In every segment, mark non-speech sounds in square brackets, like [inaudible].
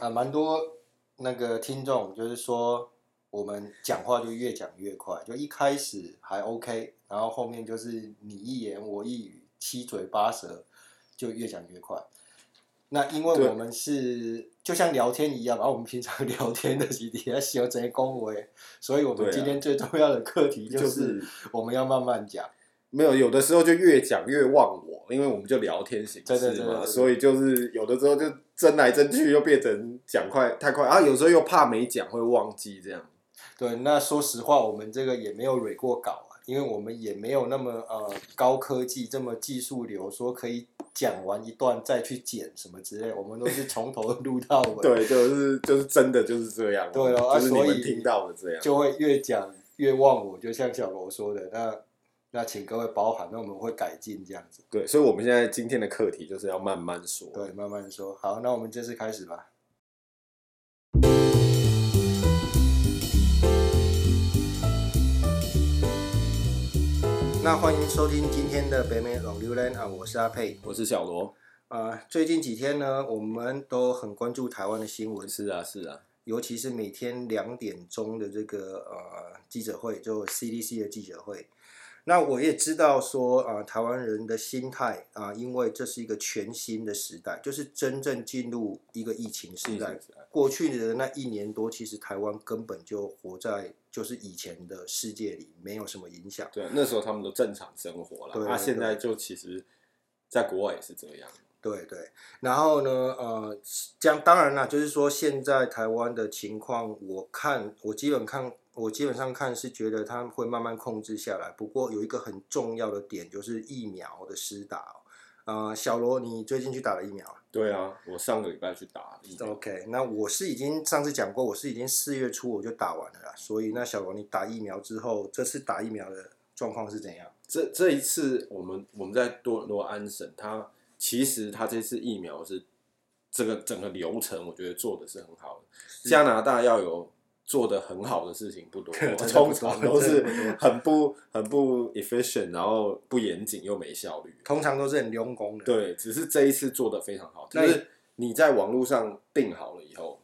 啊，蠻多那個聽眾就是說，我們講話就越講越快，就一開始還 OK，然後後面就是你一言我一語，七嘴八舌，就越講越快。那因為我們是就像聊天一樣，把、啊、我們平常聊天的習題要寫成公文，所以我們今天最重要的課題就是、啊就是、我們要慢慢講。沒有，有的時候就越講越忘我，因為我們就聊天形式嘛，對對對對對對。所以就是有的時候就爭來爭去，又變成講快太快，啊，有時候又怕沒講會忘記這樣。對，那說實話，我們這個也沒有蕊過稿啊，因為我們也沒有那麼呃高科技這麼技術流，說可以講完一段再去剪什麼之類，我們都是從頭錄到尾。 [laughs] 對，就是就是真的就是這樣啊。對哦，啊，就是你們聽到了這樣，所以就會越講越忘我，就像小羅說的那。那請各位包涵，那我們會改進這樣子。對，所以我們現在今天的課題就是要慢慢說。對，慢慢說。好，那我們正式開始吧、嗯。那歡迎收聽今天的北美浪流連啊，我是阿佩，我是小羅啊、呃。最近幾天呢，我們都很關注台灣的新聞。是啊，是啊，尤其是每天兩點鐘的這個呃記者會，就 CDC 的記者會。那我也知道說啊、呃，台灣人的心態啊、呃，因為這是一個全新的時代，就是真正進入一個疫情時代。過去的那一年多，其實台灣根本就活在就是以前的世界裡，沒有什麼影響。對，那時候他們都正常生活了。對，對,對，那、啊、現在就其實，在國外也是這樣。對對，對。然後呢，呃，這樣，當然啦，就是說現在台灣的情況，我看我基本看。我基本上看是覺得他會慢慢控制下來，不過有一個很重要的點就是疫苗的施打。啊、呃。小羅，你最近去打了疫苗、啊？對啊，我上個禮拜去打了疫苗。OK，那我是已經上次講過，我是已經四月初我就打完了啦。所以那小羅，你打疫苗之後，這次打疫苗的狀況是怎樣？這這一次我們我們在多羅安省，它其實它這次疫苗是這個整個流程，我覺得做的是很好的。加拿大要有。做的很好的事情不多，我通常都是很不很不 efficient，然後不嚴謹又沒效率。通常都是很 low 的。對，只是這一次做的非常好。就是你在網絡上訂好了以後，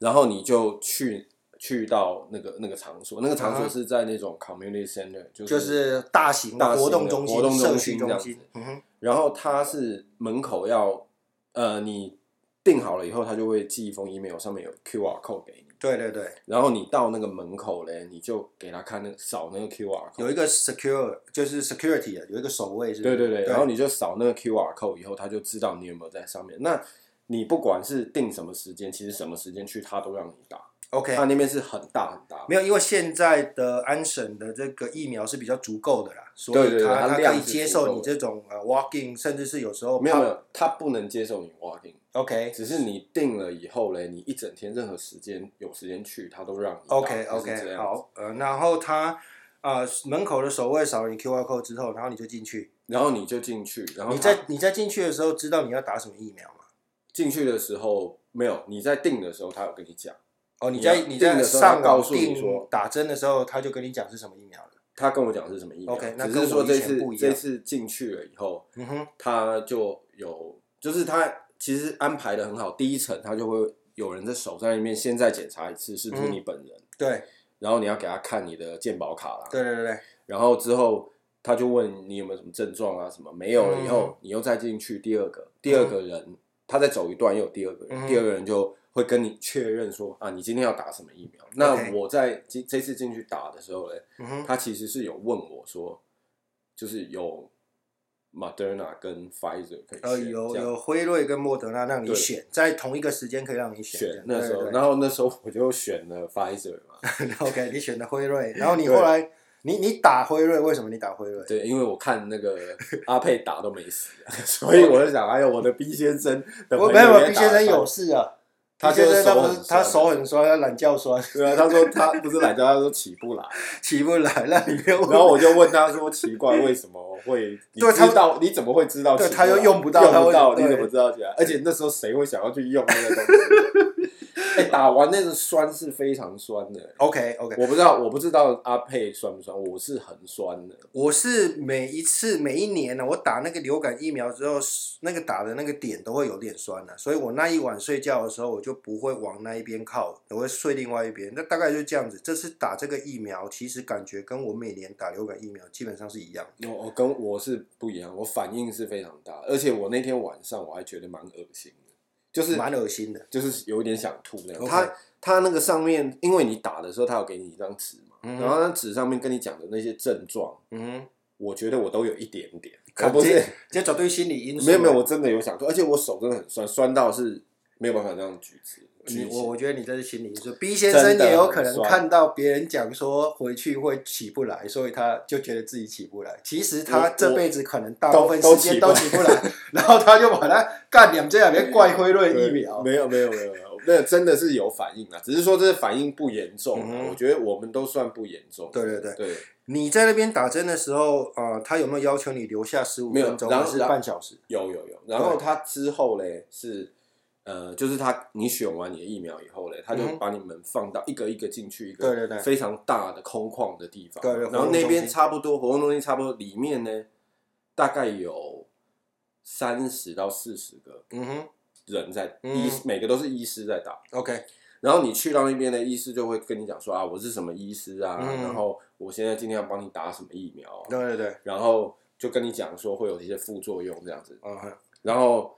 然後你就去去到那個那個場所，那個場所是在那種 community center，就是大型的，大型的活動中心、活動中心這樣、嗯哼。然後他是門口要呃，你訂好了以後，他就會寄一封 email，上面有 QR code 給你。對對對，然後你到那個門口嘞，你就給他看那個掃那個 QR，有一個 secure 就是 security 啊，有一個守衛是、是，對對對、對，然後你就掃那個 QR code 以後他就知道你有沒有在上面。那你不管是定什麼時間，其實什麼時間去，他都讓你打。O.K. 他那邊是很大很大，沒有，因為現在的安省的這個疫苗是比較足夠的啦，所以他對對對對他，他可以接受你這種呃 walk in，甚至是有時候沒有沒有，他不能接受你 walk in。O.K. 只是你定了以後嘞，你一整天任何時間有時間去，他都讓你。O.K.O.K.、Okay. Okay. 好，呃，然後他，呃、門口的守衛掃了你 Q.R. code 之後，然後你就進去，然後你就進去，然後你在你在進去的時候知道你要打什麼疫苗嗎？進去的時候沒有，你在定的時候他有跟你講。哦，你在你在上高速，告打針的時候，他就跟你講是什麼疫苗了。他跟我講是什麼疫苗，okay, 只是說這次不一樣這一次進去了以後，嗯、哼，他就有就是他其實安排的很好，第一層他就會有人在守在那邊，先再檢查一次是不是你本人、嗯。對，然後你要給他看你的健保卡了。對對對對。然後之後他就問你有沒有什麼症狀啊什麼，沒有了、嗯、以後你又再進去第二個第二個人、嗯，他再走一段又有第二個人、嗯，第二個人就。會跟你確認說啊，你今天要打什麼疫苗？Okay. 那我在這這次進去打的時候呢、嗯，他其實是有問我說，就是有 Moderna 跟 Pfizer 可以選，呃，有有輝瑞跟莫德納讓你選，在同一個時間可以讓你選。選。那時候對對對，然後那時候我就選了 Pfizer 嘛。 [laughs] OK，你選的輝瑞，然後你後來你你打輝瑞，為什麼你打輝瑞？對，因為我看那個阿沛打都沒死、啊， [laughs] 所以我就想，哎呦，我的 B 先生，等沒我沒有，我 B 先生有事啊。他，他就手，他手很酸，他懶叫酸。對啊，他說他不是懶叫，他說起不來， [laughs] 起不來。那裡面，然後我就問他說，奇怪為什麼會？對，知道他你怎麼會知道起來？對，他又用，用不到，他不到，你怎麼知道？起來。而且那時候誰會想要去用那個東西？哎、 [laughs] 欸，打完那個酸是非常酸的。OK OK，我不知道，我不知道阿沛酸不酸，我是很酸的。我是每一次每一年呢、啊，我打那個流感疫苗之後，那個打的那個點都會有點酸的、啊，所以我那一晚睡覺的時候我就不會往那一邊靠，我會睡另外一邊。那大概就是這樣子。這次打這個疫苗，其實感覺跟我每年打流感疫苗基本上是一樣。我、no, 我跟我是不一樣，我反應是非常大，而且我那天晚上我還覺得蠻噁心的，就是蠻噁心的，就是有點想吐那種。Okay. 他他那個上面，因為你打的時候，他有給你一張紙嘛、嗯，然後那紙上面跟你講的那些症狀，嗯，我覺得我都有一點點。可不是，這找要對心理因素。沒有沒有，我真的有想吐，而且我手真的很酸，酸到是。沒有辦法這樣舉止。你我、嗯、我覺得你這是心理說、就是、B 先生也有可能看到別人講說回去會起不來，所以他就覺得自己起不來。其實他這輩子可能大部分時間都起不來，不來 [laughs] 然後他就把它乾點這兩邊怪輝瑞疫苗。沒有沒有沒有，那真的是有反應啊，只是說這是反應不嚴重、嗯。我覺得我們都算不嚴重。對對對對，你在那邊打針的時候，呃，他有沒有要求你留下十五分鐘還是半小時？有有有，然後他之後嘞是。呃，就是他，你選完你的疫苗以後呢，他就把你們放到一個一個進去一個非常大的空曠的地方，對對對，然後那邊差不多，活動中心差不多，裡面呢大概有三十到四十個，嗯哼，人在醫，每個都是醫師在打，OK，然後你去到那邊的醫師就會跟你講說啊，我是什麼醫師啊，嗯、然後我現在今天要幫你打什麼疫苗，對，對對，然後就跟你講說會有一些副作用這樣子，uh-huh. 然後。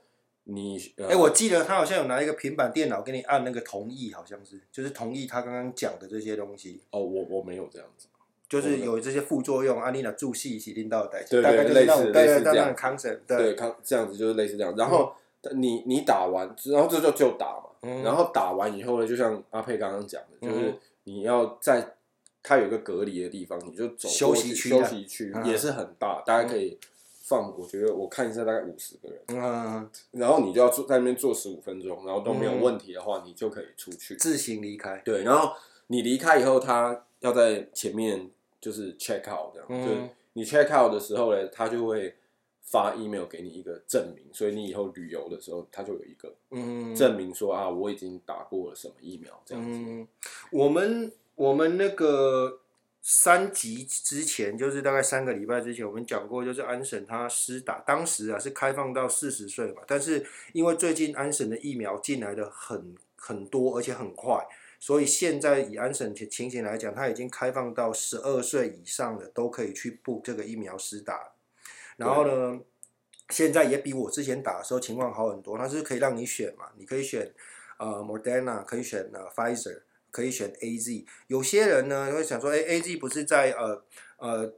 你哎、嗯欸，我記得他好像有拿一個平板電腦給你按那個同意，好像是，就是同意他剛剛講的這些東西。哦，我我沒有這樣子，就是有這些副作用。阿妮娜助吸起聽到的代對對對大概就是類似，對對對類似這 concept, 對，對，這樣子就是類似這樣。然後、嗯、你你打完，然後這就就，就打嘛、嗯，然後打完以後呢，就像阿佩剛剛講的，就是你要在他有個隔離的地方，你就走去休息區，休息區也是很大，嗯、大家可以。嗯放我覺得我看一下大概五十個人，嗯，然後你就要坐在那邊坐十五分鐘，然後都沒有問題的話，你就可以出去自行離開。對，然後你離開以後，他要在前面就是 check out 這樣，就你 check out 的時候呢，他就會發 email 給你一個證明，所以你以後旅遊的時候，他就有一個嗯證明說啊，我已經打過了什麼疫苗這樣子。我們我們那個。三級之前就是大概三個禮拜之前，我們講過，就是安省它施打，當時啊是開放到四十歲嘛，但是因為最近安省的疫苗進來的很很多，而且很快，所以現在以安省情情形來講，它已經開放到十二歲以上的都可以去 book 這個疫苗施打。然後呢，現在也比我之前打的時候情況好很多，它是可以讓你選嘛，你可以選呃 Moderna，可以選呃 Pfizer。可以選 AZ，有些人呢會想說，哎、欸，AZ 不是在呃呃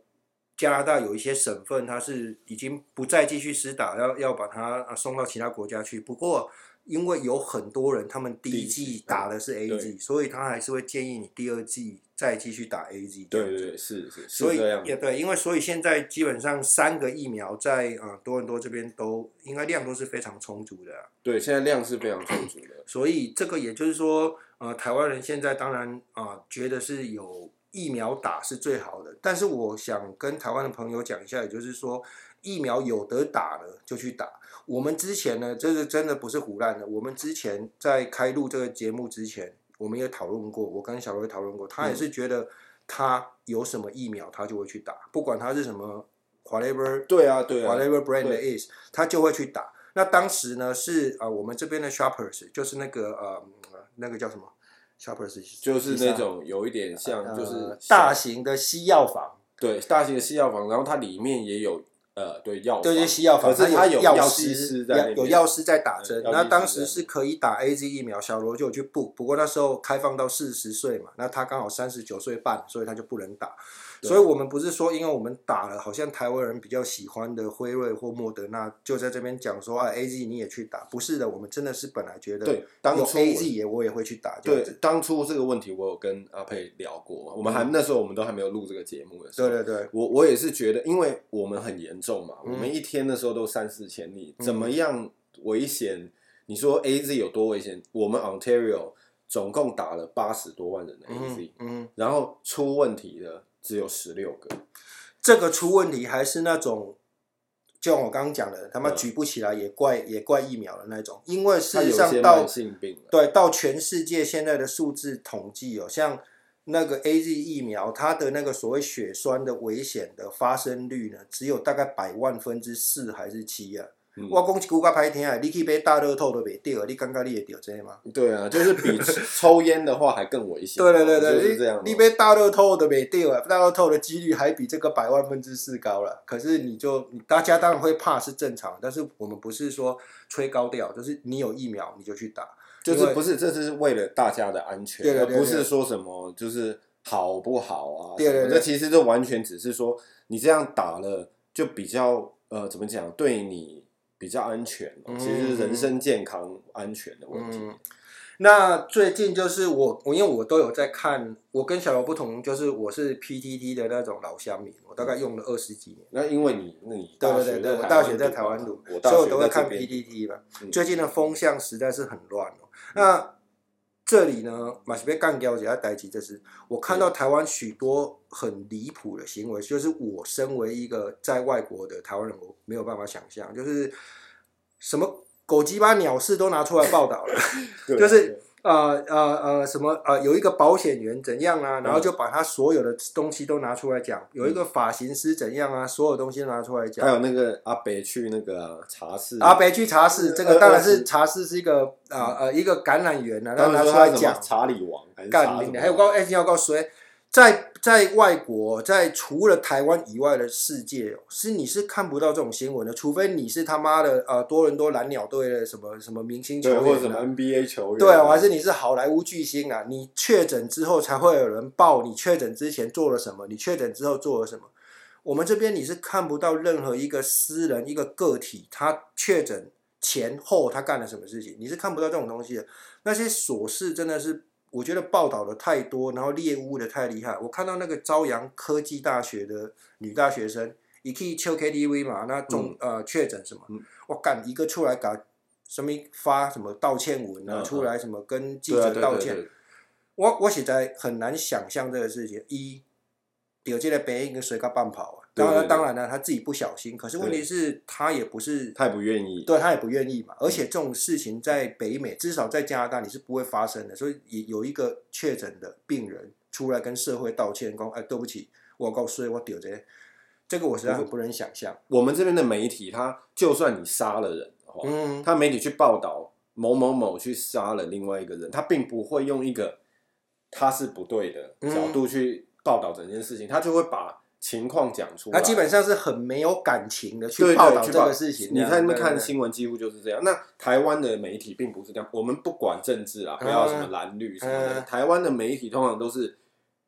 加拿大有一些省份，它是已經不再繼續施打，要要把它、啊、送到其他國家去。不過，因為有很多人他們第一劑打的是 AZ，所以他還是會建議你第二劑再繼續打 AZ。對對，對是是，是這樣，所以也對，因為所以現在基本上三個疫苗在啊、呃、多倫多這邊都應該量都是非常充足的、啊。對，現在量是非常充足的。 [coughs] 所以這個也就是說。呃，台灣人現在當然啊、呃，覺得是有疫苗打是最好的。但是我想跟台灣的朋友講一下，也就是說，疫苗有得打了就去打。我們之前呢，這個真的不是唬爛的。我們之前在開錄這個節目之前，我們也討論過，我跟小羅也討論過，他也是覺得他有什麼疫苗，他就會去打、嗯，不管他是什麼，whatever，whatever brand it is, 對啊，對，whatever brand it is，他就會去打。那當時呢，是啊、呃，我們這邊的 shoppers 就是那個呃，那個叫什麼？就是那種有一點像，就是、呃、大型的西藥房。對，大型的西藥房，然後它裡面也有呃，對藥，對西藥房，可是它有藥師在，有藥師在打針、嗯。那當時是可以打 AZ 疫苗，小羅就有去 book，不過那時候開放到四十歲嘛，那他剛好三十九歲半，所以他就不能打。所以，我們不是說，因為我們打了，好像台灣人比較喜歡的輝瑞或莫德納，就在這邊講說啊，A Z 你也去打。不是的，我們真的是本來覺得，對，當初 A Z 也我也會去打。對，當初這個問題我有跟阿佩聊過，我們還、嗯、那時候我們都還沒有錄這個節目的時候。對對對，我我也是覺得，因為我們很嚴重嘛，我們一天的時候都三四千例，嗯，怎麼樣危險？你說 A Z 有多危險？我們 Ontario 總共打了八十多萬人的 A Z，嗯，嗯，然後出問題的。只有十六個，這個出問題還是那種，就像我剛剛講的，他媽舉不起來、嗯、也怪也怪疫苗的那種。因為事實上到性病對到全世界現在的數字統計哦，像那個 AZ 疫苗，它的那個所謂血栓的危險的發生率呢，只有大概百萬分之四還是七啊。嗯、我講一句，我拍聽啊，你去買大樂透都沒掉，你剛剛你也掉錢嗎？對啊，就是比抽菸的話還更危險。 [laughs] 對、對對對、就是這樣，喔。你被大樂透都沒掉，大樂透的幾率還比這個百萬分之四高了。可是你就大家當然會怕是正常，但是我們不是說吹高調，就是你有疫苗你就去打，就是不是這是為了大家的安全，對對對對，而不是說什麼就是好不好啊？對對對、對，這其實就完全只是說你這樣打了就比較呃怎麼講對你。比較安全，其實人身健康安全的問題。嗯、那最近就是我，我因為我都有在看。我跟小羅不同，就是我是 PTT 的那種老鄉民，我大概用了二十幾年、嗯。那因為你，你大學在台灣讀，讀，讀，所以我都在看 PTT 嘛、嗯。最近的風向實在是很亂哦。那。嗯這裡呢，馬斯被幹掉要代起，這是我看到台灣許多很離譜的行為，就是我身為一個在外國的台灣人，我沒有辦法想象，就是什麼狗雞巴鳥事都拿出來報道了， [laughs] 就是。對對對呃呃呃，什麼呃，有一個保險員怎樣啊？然後就把他所有的東西都拿出來講，嗯。有一個髮型師怎樣啊？嗯、所有東西拿出來講。還有那個阿北去那個茶室。阿、啊、北去茶室，這個當然是茶室是一個啊呃，呃，呃，呃，呃，呃，呃一個感染源啊，嗯、然後拿出來講。查理王，還是查什麼？還有告哎，要告訴誰？在在外國，在除了台灣以外的世界喔，是你是看不到這種新聞的，除非你是他媽的呃多倫多藍鳥隊的什麼什麼明星球員，對，或者什麼 NBA 球員啊，對啊，還是你是好萊塢巨星啊？你確診之後才會有人報，你確診之前做了什麼？你確診之後做了什麼？我們這邊你是看不到任何一個私人一個個體他確診前後他幹了什麼事情，你是看不到這種東西的，那些瑣事真的是。我覺得報道的太多，然後獵巫的太厲害。我看到那個朝陽科技大學的女大學生，一起去 KTV 嘛，那總、嗯、呃確診什麼，嗯、我幹一個出來搞什麼發什麼道歉文啊，嗯嗯出來什麼跟記者道歉。嗯嗯啊、對對對對我我現在很難想象這個事情，一掉進來別人跟誰個半跑當然，當然了，他自己不小心。可是問題是，他也不是，他也不願意。對，他也不願意嘛、嗯。而且這種事情在北美，至少在加拿大，你是不會發生的。所以有一個確診的病人出來跟社會道歉，說哎，對不起，我夠衰我屌這個。”這個我實在很不能想象、嗯。我們這邊的媒體，他就算你殺了人，嗯，他媒體去報道某某某去殺了另外一個人，他並不會用一個他是不對的角度去報道整件事情，嗯、他就會把。情況講出來，那基本上是很沒有感情的去報道這個事情。你在那邊看新聞幾乎就是這樣。那台灣的媒體並不是這樣，我們不管政治啊，不要什麼藍綠什麼的。嗯嗯、台灣的媒體通常都是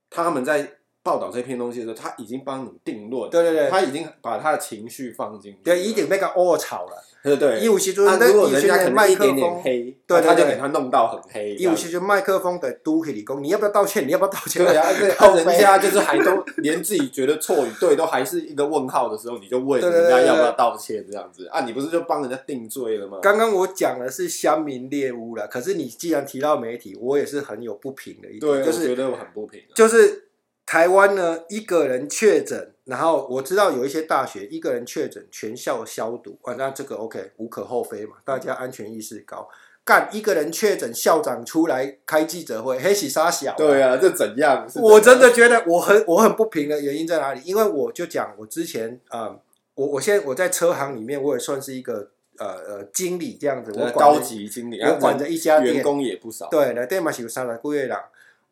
他們在。報道這篇東西的時候，他已經幫你定論，對對對，他已經把他的情緒放進去，對，已經被個惡炒了，對對，對，一無是處。那、啊、如果人家可能麥克風黑，對，對，對、啊，他就給他弄到很黑。一無是處，麥克風的都黑理工，你要不要道歉？你要不要道歉？對啊，對，對啊、對，人家就是還都 [laughs] 連自己覺得錯與對都還是一個問號的時候，你就問人家要不要道歉？這樣子對對對對，對啊，你不是就幫人家定罪了嗎？剛剛我講的是鄉民獵巫了，可是你既然提到媒體，我也是很有不平的一點，對，就是覺得我很不平，就是。台灣呢，一個人確診，然後我知道有一些大學一個人確診，全校消毒啊，那這個 OK，無可厚非嘛，大家安全意識高。幹一個人確診，校長出來開記者會，黑喜沙小啊，對啊，這怎樣、怎樣？我真的覺得我很我很不平的原因在哪裡？因為我就講，我之前啊、呃，我我現在我在車行裡面，我也算是一個呃呃經理這樣子，我管高級經理，管我管着一家員工也不少，對，來電嘛喜三來顧月朗。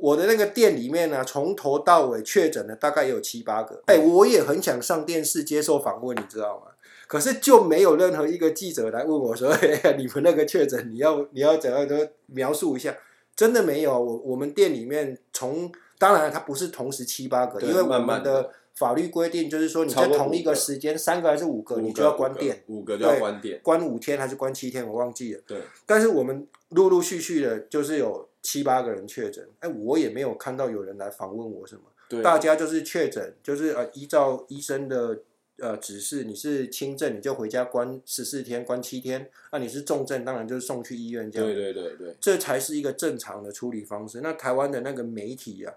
我的那個店裡面呢、啊，從頭到尾確診的大概也有七八個。哎、欸，我也很想上電視接受訪問，你知道嗎？可是就沒有任何一個記者來問我說：“欸、你們那個確診，你要你要怎樣都描述一下。”真的沒有，我我們店裡面從當然它不是同時七八個，因為我們的法律規定就是說你在同一個時間三個還是五個、五個，你就要關店，五個、五個就要關店，關五天還是關七天，我忘記了。對，但是我們陸陸續續的，就是有。七八個人確診，哎、欸，我也沒有看到有人來訪問我什麼。對，大家就是確診，就是呃，依照醫生的呃指示，你是輕症你就回家關十四天，關七天；那、啊、你是重症，當然就是送去醫院這樣。對對對對，這才是一個正常的處理方式。那台灣的那個媒體啊，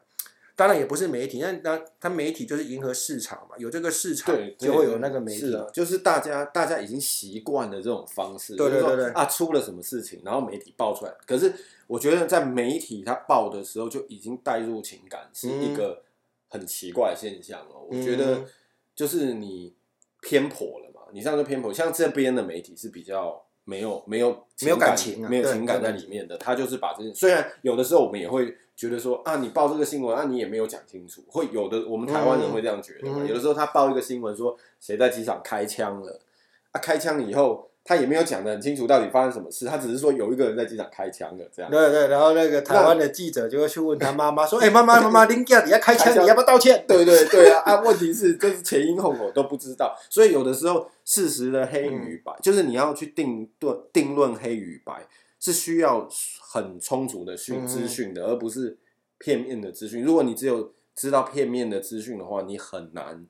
當然也不是媒體，但那那它媒體就是迎合市場嘛，有這個市場就會有那個媒體，對對對是啊，就是大家大家已經習慣了這種方式，對對對，對，對，就是說，啊出了什麼事情，然後媒體爆出來，可是。我覺得在媒體他報的時候就已經帶入情感，是一個很奇怪的現象了喔。我覺得就是你偏頗了嘛，你像說偏頗，像這邊的媒體是比較沒有沒有沒有感情，沒有情感在裡面的，他就是把這些雖然有的時候我們也會覺得說啊，你報這個新聞啊，你也沒有講清楚，會有的。我們台灣人會這樣覺得嘛，有的時候他報一個新聞說誰在機場開槍了，啊，開槍以後。他也沒有講得很清楚到底發生什麼事，他只是說有一個人在機場開槍的這樣。對，對對，然後那個台灣的記者就會去問他媽媽說：“哎、 [laughs] 欸，媽媽媽媽，林家你要開槍，你要不要道歉？”對對對啊！ [laughs] 啊，問題是這、就是前因後果我都不知道，所以有的時候事實的黑與白、嗯，就是你要去定論定論黑與白，是需要很充足的訊資訊的，而不是片面的資訊、嗯。如果你只有知道片面的資訊的話，你很難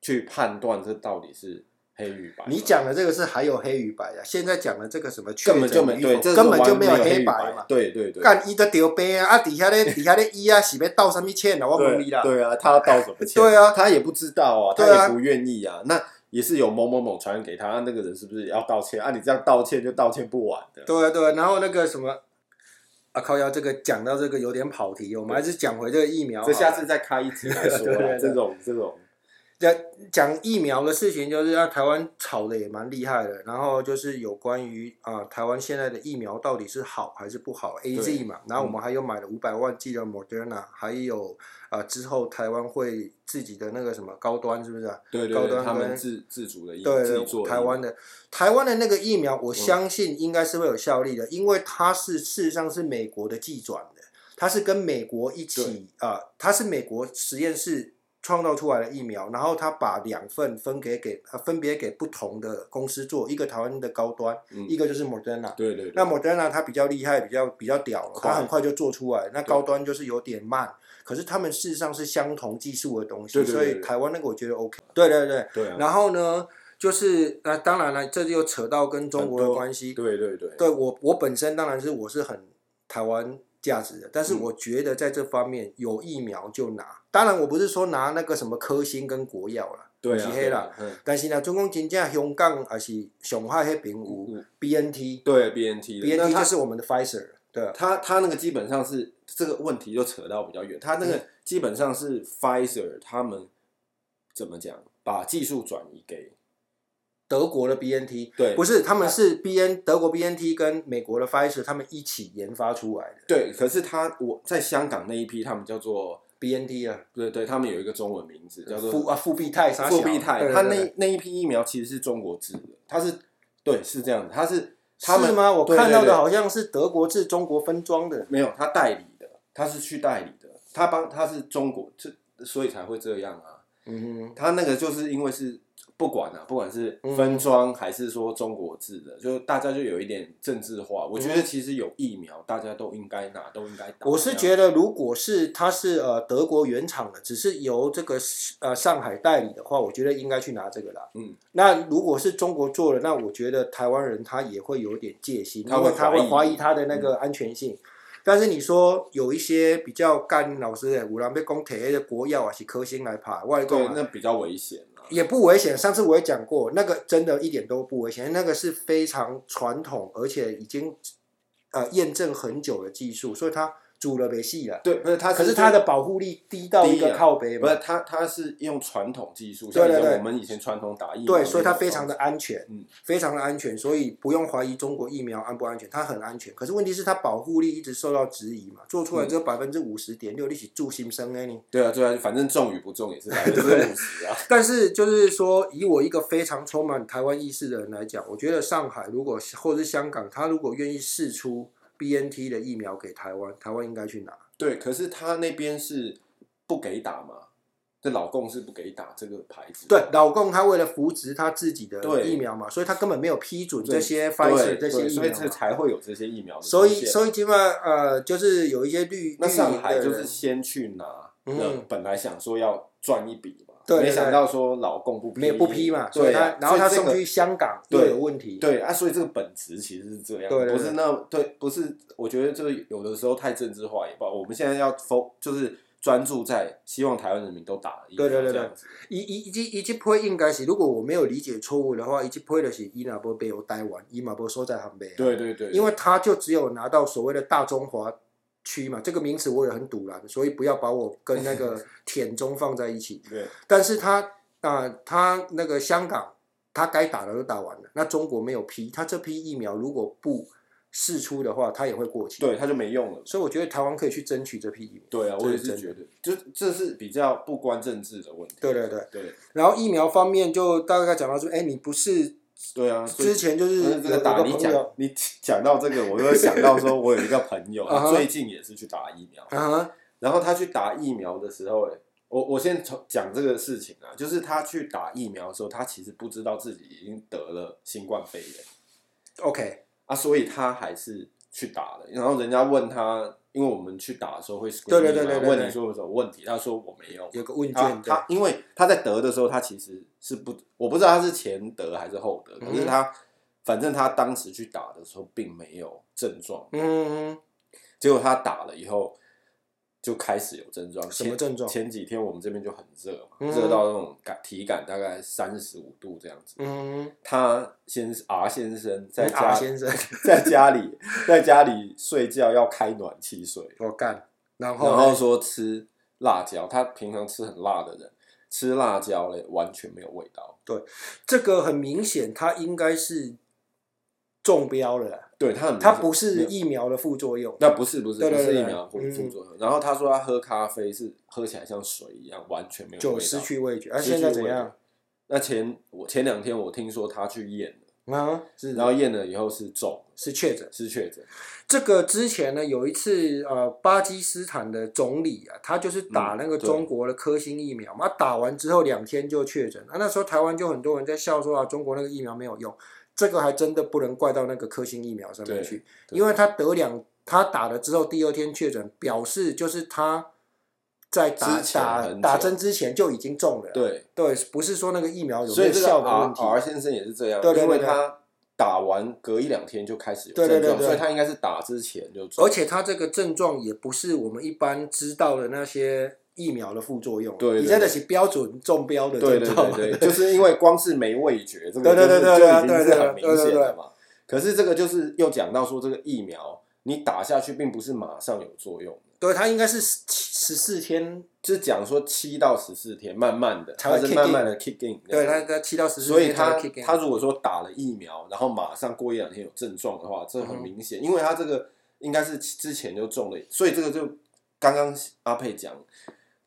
去判斷這到底是。黑與白，你講的這個是還有黑與白啊。現在講的這個什麼，根本就沒對，根本就沒有黑白嘛。對對對，乾一個丟杯啊！ [laughs] 啊，底下那底下那一啊，洗杯道，什麼歉啊？我無理了。對啊，他道什麼歉、啊？對啊，他也不知道啊，他也不願意啊。啊那也是有某某某傳給他那個人，是不是也要道歉啊？你這樣道歉就道歉不完的。對啊對啊，然後那個什麼，啊，靠要這個講到這個有點跑題，我們還是講回這個疫苗。這下次再開一集來說 [laughs] 對對對對對這，這種這種。講疫苗的事情，就是啊，台灣炒的也蠻厲害的。然後就是有關於啊、呃，台灣現在的疫苗到底是好還是不好？A Z 嘛。然後我們還有買了五百萬劑的 Moderna，還有啊、呃，之後台灣會自己的那個什麼高端，是不是？啊？對、對、對，高端跟，他們自自主的疫苗。對、對、對，台灣的台灣的那個疫苗，我相信應該是會有效力的，嗯、因為它是事實上是美國的技轉的，它是跟美國一起啊、呃，它是美國實驗室。創造出來的疫苗，然後他把兩份分給給、啊、分別給不同的公司做，一個台灣的高端，嗯、一個就是 Moderna。對對。那 Moderna 它比較厲害，比較比較屌，它很快就做出來。那高端就是有點慢，可是他們事實上是相同技術的東西，對對對對所以台灣那個我覺得 OK。對對對，對。對、啊。然後呢，就是那、呃、當然了，這就扯到跟中國的關係。對，對對對。對我我本身當然是我是很台灣。價值的，但是我覺得在這方面、嗯、有疫苗就拿。當然，我不是說拿那個什麼科興跟國藥啦，對黑、啊、了、嗯嗯。但是呢，中共現在香港還是損害黑平無。嗯、B N T 對 B N T，B N T 就是我們的 Pfizer。對，他他那個基本上是這個問題就扯到比較遠、嗯。他那個基本上是 Pfizer 他們怎麼講，把技術轉移給。德國的 BNT，對，不是，他們是 BN 德國 BNT 跟美國的 Pfizer 他們一起研發出來的。對，可是他我在香港那一批，他們叫做 BNT 啊，對，對對，他們有一個中文名字叫做復啊復必泰啥？復必泰，必泰、必泰。對對對對，他那那一批疫苗其實是中國製的，他是對，是這樣，他是他們嗎？我看到的好像是德國製中國分裝的。對對對對，沒有，他代理的，他是去代理的，他幫他是中國，就所以才會這樣啊。嗯哼，他那個就是因為是。不管啊，不管是分裝還是說中國製的、嗯，就大家就有一點政治化。嗯、我覺得其實有疫苗，大家都應該拿，都應該打。我是覺得，如果是它是呃德國原廠的，只是由這個呃上海代理的話，我覺得應該去拿這個啦。嗯，那如果是中國做的，那我覺得台灣人他也會有點戒心，他會因為他會懷疑他的那個安全性、嗯。但是你說有一些比較干老師的，有人被公提的國藥啊，是科興來拍外國，那比較危險。也不危險。上次我也講過，那個真的一點都不危險，那個是非常傳統，而且已經呃驗證很久的技術，所以它。煮了沒戲了。對，不是它，可是它的保護力低到一個靠北，啊。不是它，它是用傳統技術，像我們以前傳統打疫苗。對，所以它非常的安全，嗯、非常的安全，所以不用懷疑中國疫苗安不安全，它很安全。可是問題是它保護力一直受到質疑嘛，做出來只有百分之五十點六，一起祝新生哎你。對啊，對啊，反正中與不中也是百分之五十啊。但是就是說，以我一個非常充滿台灣意識的人來講，我覺得上海如果或者是香港，他如果願意試出，BNT 的疫苗給台灣，台灣應該去拿。對，可是他那邊是不給打嘛？這老共是不給打這個牌子。對，老共他為了扶植他自己的疫苗嘛，所以他根本沒有批准這些 Pfizer 這些疫苗，所以才才會有這些疫苗的。所以，所以基本上呃，就是有一些綠那上海就是先去拿、嗯，那本來想說要賺一筆。對對對對沒想到說老共不批，不批嘛，所以他然後他送去香港都有問題。對，對，對，對，對，對，對，對，對啊，所以這個本質其實是這樣。對，對對對，不是那對，不是。我覺得這個有的時候太政治化也不，我們現在要 focus 就是專注在希望台灣人民都打。對對對一一，伊伊伊普應該是，如果我沒有理解錯誤的話，伊普的是伊納波被我待完，伊馬波收在台北。對對對，對，因為他就只有拿到所謂的大中華區嘛，這個名詞我也很賭爛，所以不要把我跟那個田中放在一起。 [laughs] 對，但是他啊、呃，他那個香港，他該打的都打完了，那中國沒有批他這批疫苗，如果不釋出的話，他也會過期，對，他就沒用了。所以我覺得台灣可以去爭取這批疫苗。對啊，我也是覺得，就這是比較不關政治的問題。對對對對。然後疫苗方面就大概講到說，哎、欸，你不是。對啊，之前就是這、嗯、個打你講你講到這個，我就會想到說，我有一個朋友， [laughs] 他最近也是去打疫苗，uh -huh. 然後他去打疫苗的時候、uh -huh. 我，我我先講這個事情啊，就是他去打疫苗的時候，他其實不知道自己已經得了新冠肺炎，OK 啊，所以他還是去打了，然後人家問他。因為我們去打的時候會對,對，對對對對問你說有什麼問題，對對對對他說我沒有。有個問卷，他,他因為他在得的時候，他其實是不，我不知道他是前得還是後得，嗯、可是他反正他當時去打的時候並沒有症狀，嗯,嗯，嗯嗯、結果他打了以後。就開始有症狀，什麼症狀？前幾天我們這邊就很熱嘛熱，嗯、到那種感體感大概三十五度這樣子。嗯，他先阿先生在家，嗯 R、先生在家裡 [laughs] 在家裡睡覺要開暖氣睡，我，哦，幹，然後然後說吃辣椒，欸，他平常吃很辣的人吃辣椒呢，完全沒有味道。對，這個很明顯，他應該是中標了。對它很，不是疫苗的副作用。那不是不是，不是疫苗副副作用。然後他說他喝咖啡是喝起來像水一樣，嗯、完全沒有。就失去味覺，而、啊就是、現在怎樣？那前我前兩天我聽說他去驗了啊，是，然後驗了以後是腫，是確診，是確診。這個之前呢，有一次呃，巴基斯坦的總理啊，他就是打那個中國的科興疫苗嘛，嗯啊、打完之後兩天就確診。那、啊、那時候台灣就很多人在笑說啊，中國那個疫苗沒有用。這個還真的不能怪到那個科興疫苗上面去，因為他得了，他打了之後第二天確診，表示就是他在打前打前打針之前就已經中了。對對，不是說那個疫苗有沒有效果問題。所以這個阿 R, R 先生也是這樣，對，對，對，對，因為他打完隔一兩天就開始有症狀，對對對對，所以他應該是打之前就中。而且他這個症狀也不是我們一般知道的那些。疫苗的副作用，你真的是標準中標的症狀，對對對對對 [laughs] 就是因為光是沒味覺，對對對對對對，已經是很明顯的嘛。可是這個就是又講到說，這個疫苗你打下去，並不是馬上有作用。對，它應該是十十四天，就是講說七到十四天，慢慢的，它是,是慢慢的 kick in。In, 對，它在七到十四，所以它它如果說打了疫苗，然後馬上過一兩天有症狀的話，這很明顯，嗯、因為它這個應該是之前就中了，所以這個就剛剛阿沛講。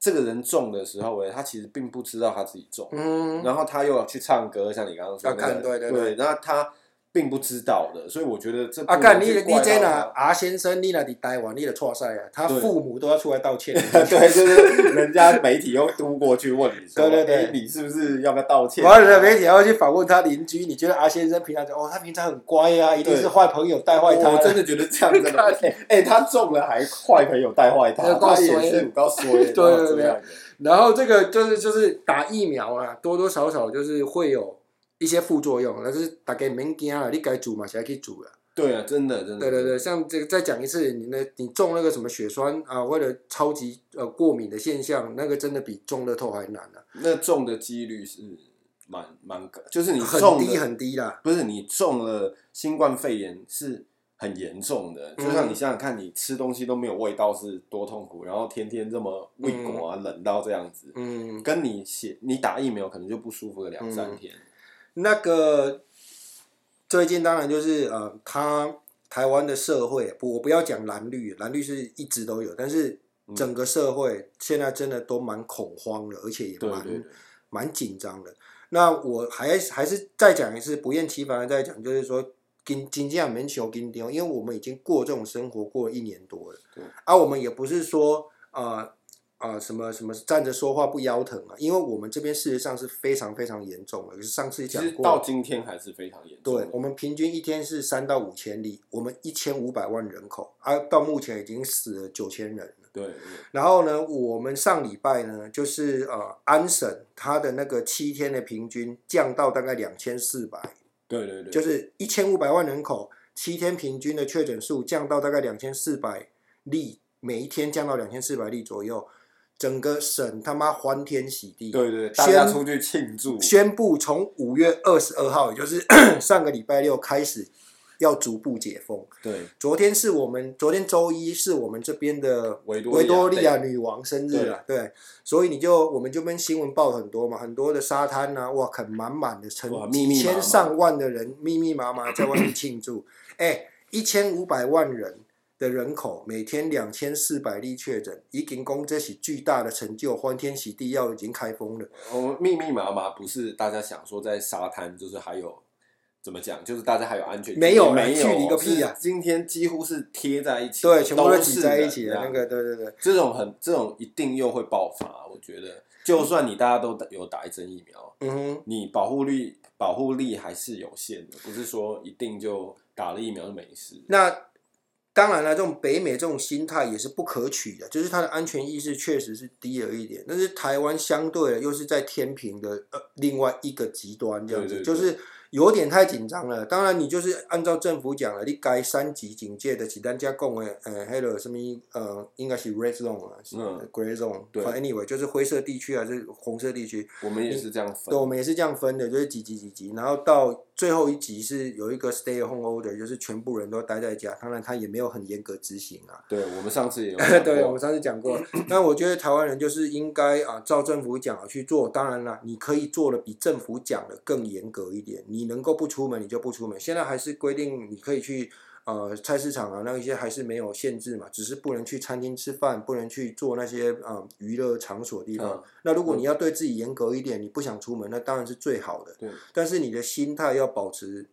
這個人中的時候，哎，他其實並不知道他自己中、嗯，然後他又要去唱歌，像你剛剛說的、那個，對，然後他。並不知道的，所以我覺得這啊幹、啊，你你在哪阿先生你那裡帶完，你的錯曬啊，他父母都要出來道歉。對， [laughs] 對，就是人家媒體又都過去問你， [laughs] 對對對、欸，你是不是要不要道歉，啊？完了，人家媒體要去訪問他鄰居，你覺得阿先生平常就哦，他平常很乖啊，一定是壞朋友帶壞他，我真的覺得這樣子真的。哎、 [laughs] 欸欸，他中了還壞朋友帶壞他，他 [laughs] [laughs] 也是說了 [laughs] 對對對。然後這個就是就是打疫苗啊，多多少少就是會有。一些副作用，但是大概明天了，你該煮嘛，起來煮了。對啊，真的，真的。對對對，像這個再講一次，你那你中那個什麼血栓啊，或者超級呃，過敏的現象，那個真的比中樂透還難呢，啊。那中的幾率是，嗯，蠻蠻，就是你很低很低啦。不是你中了新冠肺炎是很嚴重的，就像你想想看，你吃東西都沒有味道是多痛苦，嗯，然後天天這麼胃苦啊，嗯，冷到這樣子，嗯，跟你寫你打疫苗可能就不舒服了兩三天。嗯那個最近當然就是呃，他台灣的社會，我不要講藍綠，藍綠是一直都有，但是整個社會現在真的都蠻恐慌的，而且也蠻蠻緊張的。那我還還是再講一次，不厭其煩的再講，就是說驚驚袂著等，因為我們已經過這種生活過了一年多了，對啊，我們也不是說呃。啊、呃，什麼什麼站着說話不腰疼啊？因為我們這邊事實上是非常非常嚴重的，上次講到今天還是非常嚴重的。對，我們平均一天是三到五千例，我們一千五百萬人口，啊，到目前已經死了九千人對。對，然後呢，我們上禮拜呢，就是呃，安省它的那個七天的平均降到大概兩千四百。對對對，就是一千五百萬人口七天平均的確診數降到大概兩千四百例，每一天降到兩千四百例左右。整個省他媽歡天喜地，對對、對，大家出去慶祝。宣布從五月二十二號，也就是咳咳上個禮拜六開始，要逐步解封。對，昨天是我們昨天周一是我們這邊的維多利亞女王生日了，對，所以你就我們就跟新聞報很多嘛，很多的沙灘吶、啊，哇很滿滿的成幾千上萬的人，密密麻麻在外面慶祝，哎，一千五百萬人，的人口每天兩千四百例確診，已停工。這起巨大的成就，歡天喜地要已經開封了。哦，密密麻麻不是大家想說在沙灘，就是還有怎麼講，就是大家還有安全沒有，沒有？沒有距離個屁啊！今天幾乎是貼在一起，對，全部都擠在一起的那個，對對對，這種很這種一定又會爆發，我覺得，就算你大家都有打一針疫苗，嗯哼，你保護力、保護力還是有限的，不是說一定就打了疫苗就沒事那。當然了，這種北美這種心態也是不可取的，就是他的安全意識確實是低了一點。但是台灣相對的又是在天平的呃另外一個極端這樣子，對對對。就是。有點太緊張了。當然，你就是按照政府講了，你該三級警戒是的，只增家共誒，呃，還有什麼？呃，應該是 red zone 啊，是、嗯、gray zone，anyway, 對，anyway，就是灰色地區還是紅色地區？我們也是這樣分對對。對，我們也是這樣分的，就是幾級幾級，然後到最後一級是有一個 stay home order，就是全部人都待在家。當然，他也沒有很嚴格執行啊。對，我們上次也有。 [laughs] 對我們上次講過， [laughs] 但我覺得台灣人就是應該啊，照政府講去做。當然了，你可以做得比政府講的更嚴格一點，你。你能夠不出門，你就不出門。現在還是規定你可以去，呃，菜市場啊，那一些還是沒有限制嘛，只是不能去餐廳吃飯，不能去做那些啊娛樂場所的地方，嗯。那如果你要對自己嚴格一點，嗯，你不想出門，那當然是最好的。但是你的心態要保持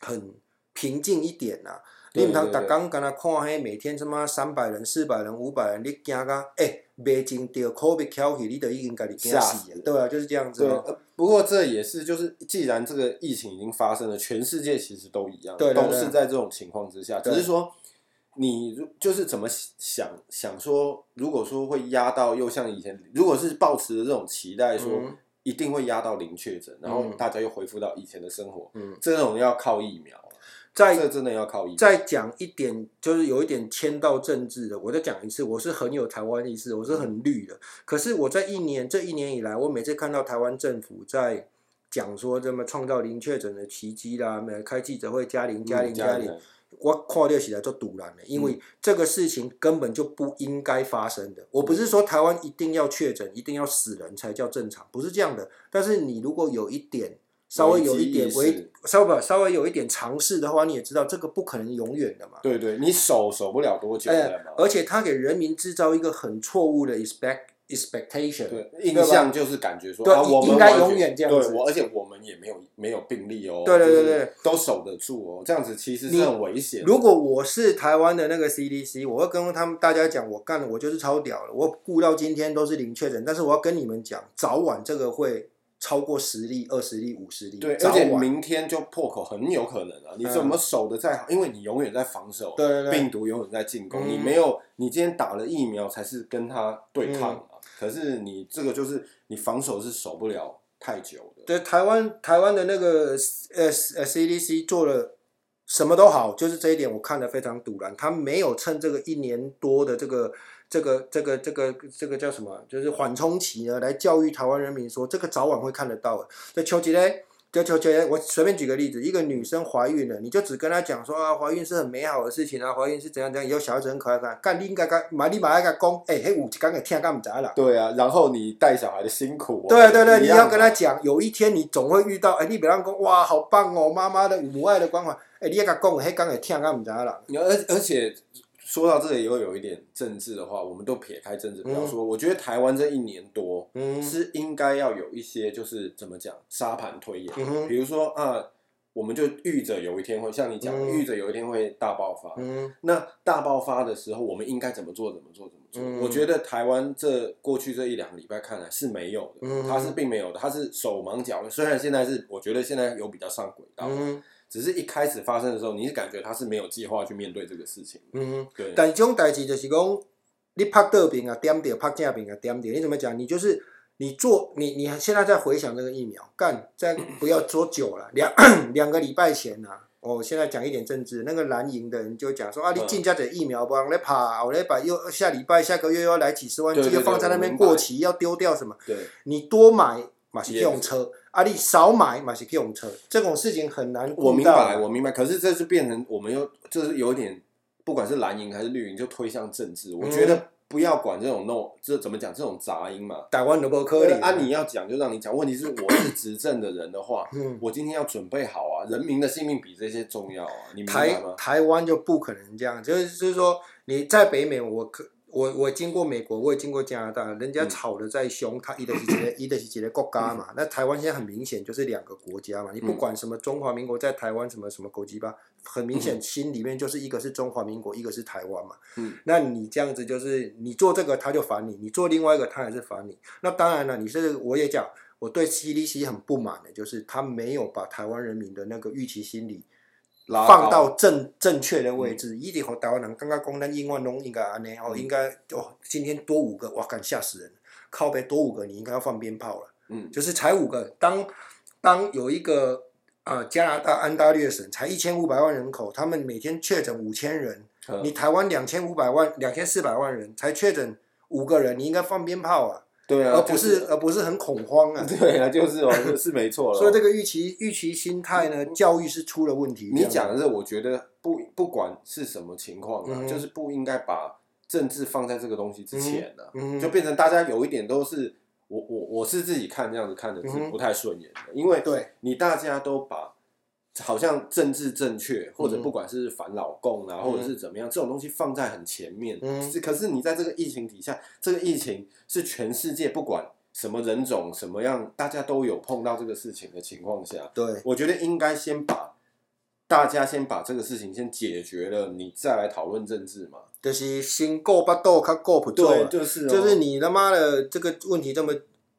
很平靜一點吶，啊，你唔通剛剛看每天他媽三百人、四百人、五百人，你驚噶？哎、欸。北京，這 COVID-19 的疫情，肯定要死，死對啊，就是這樣子，呃。不過這也是，就是既然這個疫情已經發生了，全世界其實都一樣，對對對，都是在這種情況之下。對對對，只是說，你如就是怎麼想想說，如果說會壓到又像以前，如果是抱持這種期待說，說、嗯、一定會壓到零確診，然後大家又恢復到以前的生活，嗯、這種要靠疫苗。個真的要靠一再講一點，就是有一點牽到政治的。我再講一次，我是很有台灣意識，我是很綠的。可是我在一年這一年以來，我每次看到台灣政府在講說什麼創造零確診的奇蹟啦，每開記者會加零加零加零，加零，我跨越起來就賭爛了。因為這個事情根本就不應該發生的。嗯。我不是說台灣一定要確診，一定要死人才叫正常，不是這樣的。但是你如果有一點。稍微有一點微，稍微稍微有一點嘗試的話，你也知道這個不可能永遠的嘛。對對，對，你守守不了多久了，欸、而且他給人民製造一個很錯誤的 expect expectation 對印象，就是感覺說，對、啊對，我們我應該永遠這樣子。對，而且我們也沒有沒有病例哦、喔。對對對對，對，就是、都守得住哦、喔。這樣子其實是很危險。如果我是台灣的那個 CDC，我會跟他們大家講，我幹的我就是超屌了，我顧到今天都是零確診，但是我要跟你們講，早晚這個會。超過十例、二十例、五十例，對，而且明天就破口，很有可能啊！你怎麼守得再好，因為你永遠在防守，對，病毒永遠在進攻，你沒有，你今天打了疫苗才是跟它對抗啊！可是你這個就是你防守是守不了太久的。對，台灣台灣的那個呃呃 CDC 做了。什麼都好，就是這一點我看得非常賭爛，他沒有趁這個一年多的這個這個這個這個、這個、這個叫什麼，就是緩衝期呢，來教育台灣人民說這個早晚會看得到的。那秋季呢？就就就，我隨便舉個例子，一個女生懷孕了，你就只跟她講說啊，懷孕是很美好的事情啊，懷孕是怎樣怎樣，有小孩子很可愛，但你應該講，買立馬一個講，哎嘿，五剛給痛甲毋知啦？對啊，然後你帶小孩的辛苦，對對對，你要跟她講，有一天你總會遇到，誒、欸，你別讓講，哇，好棒哦、喔，媽媽的母愛的光環，誒、欸，你要共伊講，嘿，剛給痛甲毋知啦？而而且。說到這裡又有一點政治的話，我們都撇開政治，不要說、嗯。我覺得台灣這一年多、嗯、是應該要有一些，就是怎麼講沙盤推演、嗯，比如說啊，我們就預着有一天會像你講，預、嗯、着有一天會大爆發、嗯。那大爆發的時候，我們應該怎麼做？怎麼做？怎麼做？嗯、我覺得台灣這過去這一兩個禮拜看來是沒有的，他、嗯、是並沒有的，他是手忙腳亂。雖然現在是，我覺得現在有比較上軌道。嗯只是一開始發生的時候，你是感覺他是沒有計劃去面對這個事情。嗯，對。但這種代志就是講，你拍刀片啊，點點拍假片啊，點點。你怎麼講？你就是你做你你現在在回想這個疫苗，干再不要做久了。兩兩個禮拜前呢、啊，哦，現在講一點政治，那個藍營的人就講說啊，你進價這疫苗不，我來跑，我來把又下禮拜下個月又要來幾十萬劑，又放在那邊過期要丟掉什麼？對，你多買。馬斯克用車，阿麗少買馬斯克用車，這種事情很難。我明白，我明白。可是這就變成我們又就是有點，不管是藍營還是綠營，就推向政治、嗯。我覺得不要管這種 no，這怎麼講？這種雜音嘛。台灣能夠科技啊，你要講就讓你講。問題是我是執政的人的話、嗯，我今天要準備好啊，人民的性命比這些重要啊。你明白嗎？台灣就不可能這樣，就是就是說你在北美，我可。我我經過美國，我也經過加拿大，人家吵得再凶，他,他一的是幾，一的是幾個國家嘛。 [coughs] 那台灣現在很明顯就是兩個國家嘛，你不管什麼中華民國在台灣什麼什麼國籍吧，很明顯心裡面就是一個是中華民國，一個是台灣嘛。 [coughs] 那你這樣子就是你做這個他就煩你，你做另外一個他也是煩你。那當然了，你是我也講，我對 CDC 很不滿的，就是他沒有把台灣人民的那個預期心理。放到正正確的位置，嗯、一定和台灣人剛剛光單英文宗應該安內哦，應該哦，今天多五個，哇，敢嚇死人！靠背多五個，你應該要放鞭炮了。嗯，就是才五個，當當有一個呃加拿大安大略省才一千五百萬人口，他們每天確診五千人，你台灣兩千五百萬、兩千四百萬人才確診五個人，你應該放鞭炮啊！對啊，而不是，就是，而不是很恐慌啊。對啊，就是哦、啊，就是、 [laughs] 是沒錯了。所以這個預期預期心態呢、嗯，教育是出了問題。你講的是，我覺得不不管是什麼情況呢、啊嗯，就是不應該把政治放在這個東西之前了、啊嗯，就變成大家有一點都是我我我是自己看這樣子看的是不太順眼的、嗯，因為對你大家都把。好像政治正確，或者不管是反老共啊，嗯、或者是怎麼樣、嗯，這種東西放在很前面。嗯，可是你在這個疫情底下，這個疫情是全世界不管什麼人種、什麼樣，大家都有碰到這個事情的情況下，對，我覺得應該先把大家先把這個事情先解決了，你再來討論政治嘛。就是先夠不夠，卡夠不對，就是、哦、就是你他媽的這個問題這麼。